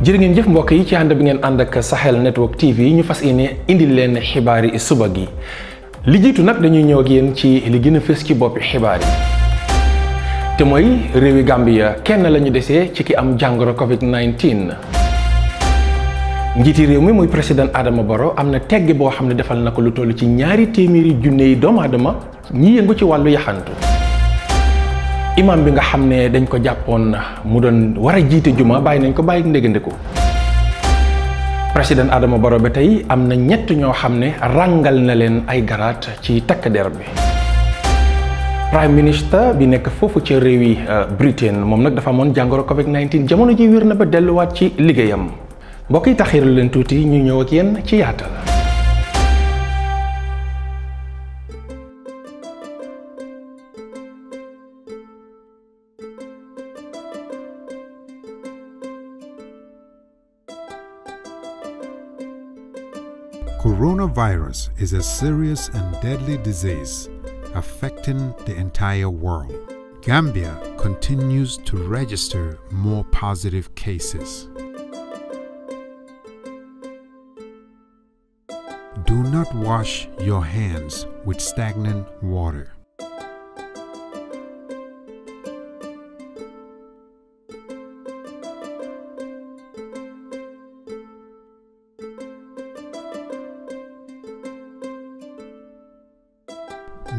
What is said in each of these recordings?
jërë ngeen jëf mbokk yi ci ànd bi ngeen ànd ak Sahel Network TV ñu fas yéene indil leen xibaari suba gi li jiitu nag dañuy ñëw ak yéen ci li gën a fës ci boppi xibaar yi. te mooy réewi Gambia kenn la ñu desee ci ki am jàngoro Covid 19 njiiti réew mi muy président Adama boro am na tegg boo xam ne defal na ko lu toll ci ñaari téeméeri junne yi doomu aadama ñi yëngu ci wàllu yaxantu. imam bi nga xamne dañ ko jàppoon mu don wara jité juma bay nañ ko bàyyi hamne président adama baro ba tey ñett ñoo xamne rangal na len ay garat ci tak der bi prime minister bi nek fofu ci rewi euh, britain momen nak dafa amoon jangoro covid 19 jamono ji wirna ba delu wat ci ligeyam mbokk yi taxiiru leen tuuti ñu ñëw ak yeen ci yaatal Coronavirus is a serious and deadly disease affecting the entire world. Gambia continues to register more positive cases. Do not wash your hands with stagnant water.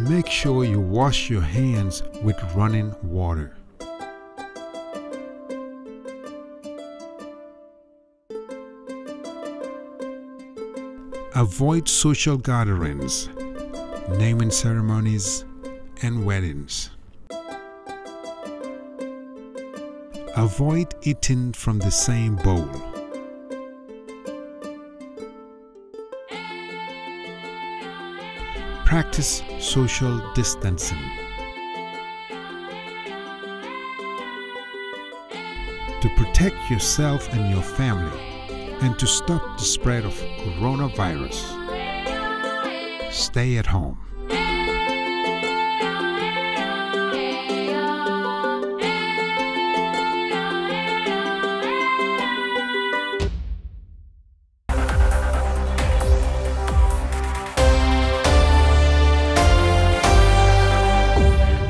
make sure you wash your hands with running water. Avoid social gatherings, naming ceremonies, and weddings. Avoid eating from the same bowl. practice social distancing. To protect yourself and your family and to stop the spread of coronavirus, stay at home.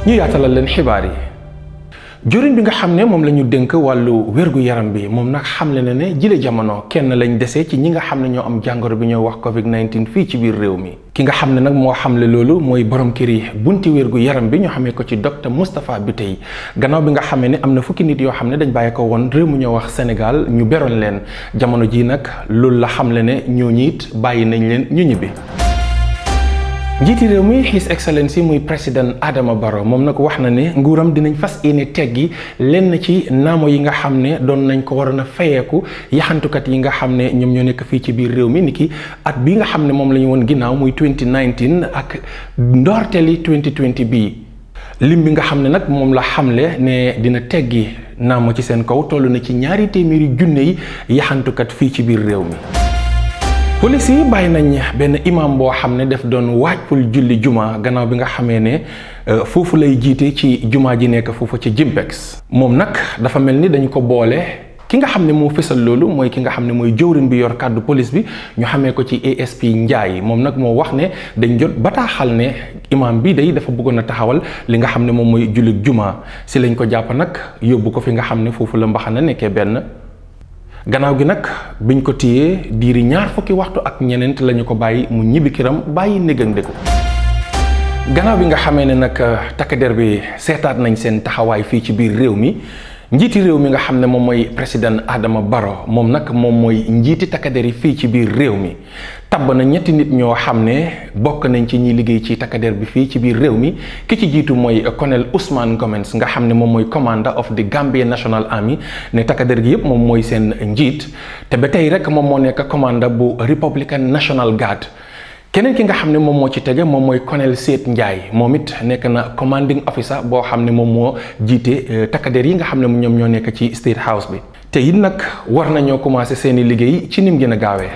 ñu yaatalal leen xibaar yi joriñ bi nga xam ne moom la ñu dénk wàllu wérgu-yaram bi moom nag xamle na ne jile jamono kenn lañ desee ci ñi nga xam ne ñoo am jàngoro bi ñoo wax covid-19 fii ci biir réew mi ki nga xam ne nag moo xam xamle loolu mooy borom kër yi bunti wérgu-yaram bi ñu xamee ko ci docteur Moustapha tey gannaaw bi nga xamee ne am na fukki nit yoo xam ne dañ bàyyi ko woon réew mu ñoo wax senegal ñu beroon leen jamono ji nag loolu la xamle ne ñoo ñiit bàyyi nañ leen ñu ñibbi njiiti réew mi His Excellency muy président Adama Barrow moom na ko wax na ne nguuram dinañ fas yéene teggi lenn ci naamo yi nga xam ne doon nañ ko waroon a fayeeku yaxantukat yi nga xam ne ñoom ñoo nekk fii ci biir réew mi niki at bi nga xam ne moom la ñu woon ginnaaw muy 2019 ak ndoorteli 2020 bii lim bi nga xam ne nag moom la xamle ne dina teggi naamo ci seen kaw toll na ci ñaari téeméeri junne yi yaxantukat fii ci biir réew mi. police yi bàyyi nañ benn imam boo xam ne daf doon waaj pour julli juma gannaaw bi nga xamee ne euh, foofu lay jiite ci jumaa ji nekk foofu ci Jimpex moom nag dafa mel ni dañ ko boole ki nga xam ne moo fësal loolu mooy ki nga xam ne mooy jëwrin bi yor kàddu police bi ñu xamee ko ci ASP yi moom nag moo wax ne dañ jot bataaxal ne imam bii day dafa bëggoon a taxawal li nga xam ne moom mooy jullit juma si lañ ko jàpp nag yóbbu ko fi nga xam ne foofu la mbaxana nekkee benn gannaaw gi nag biñ ko téyee diiri ñaar fukki waxtu ak ñeneent lañu ko bàyyi mu ñibbi këram bàyyi néggandeku gannaaw bi nga xamee ne nag takk der bi seetaat nañ seen taxawaay fii ci biir réew mi njiiti réew mi nga xam ne moom mooy président Adama Barrow moom nag moom mooy njiiti takkader yi fii ci biir réew mi tabb na ñetti nit ñoo xam ne bokk nañ ci ñi liggéey ci takkader bi fii ci biir réew mi ki ci jiitu mooy colonel Ousmane Gomez nga xam ne moom mooy commander of the Gambia National Army ne takkader gi yëpp moom mooy seen njiit te ba tey rek moom moo nekk commander bu Republican National Guard keneen ki nga xam ne moom moo ci tege moom mooy Colonel Sèye Ndiaye moom it nekk na commanding officer boo xam ne moom moo jiite euh, takkadeer yi nga xam ne ñoom ñoo nekk ci State House bi te it nag war nañoo commencé seeni liggéey ci nim gën a gaawee.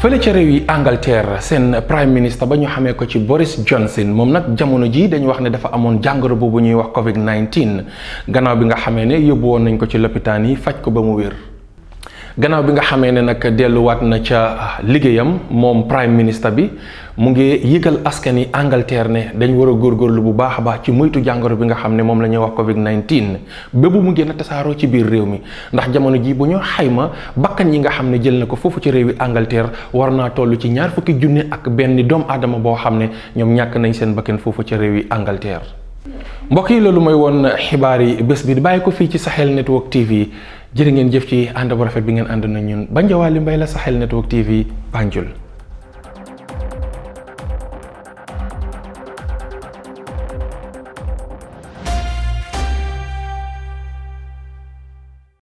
fële ca réew yi Angleterre seen prime minister ba ñu xamee ko ci Boris Johnson moom nag jamono ji dañu wax ne dafa amoon jàngoro boobu ñuy wax Covid 19 gannaaw bi nga xamee ne yóbbu woon nañ ko ci lopitaan yi faj ko ba mu wér. gannaaw bi nga xamee ne nag delluwaat na ca ah, liggéeyam moom prime ministre bi mu ngi yëgal askan yi Angleterre ne dañu war a góorgóorlu bu baax a baax ci moytu jàngoro bi nga xam ne moom la ñuy wax Covid 19 bébu mu gën a tasaaroo ci biir réew mi ndax jamono ji bu ñu xayma bakkan yi nga xam ne jël na ko foofu ci réew yi Angleterre war naa toll ci ñaar fukki junne ak benn doomu aadama boo xam ne ñoom ñàkk nañ seen bakkan foofu ca réew yi Angleterre. mbokk yi loolu mooy woon xibaar yi bés bi di bàyyi ko fii ci Sahel Network TV. jërë ngeen jëf ci ànd bu rafet bi ngeen ànd na ñun Bandiawally Mbaye sa Sahel Network TV Banjul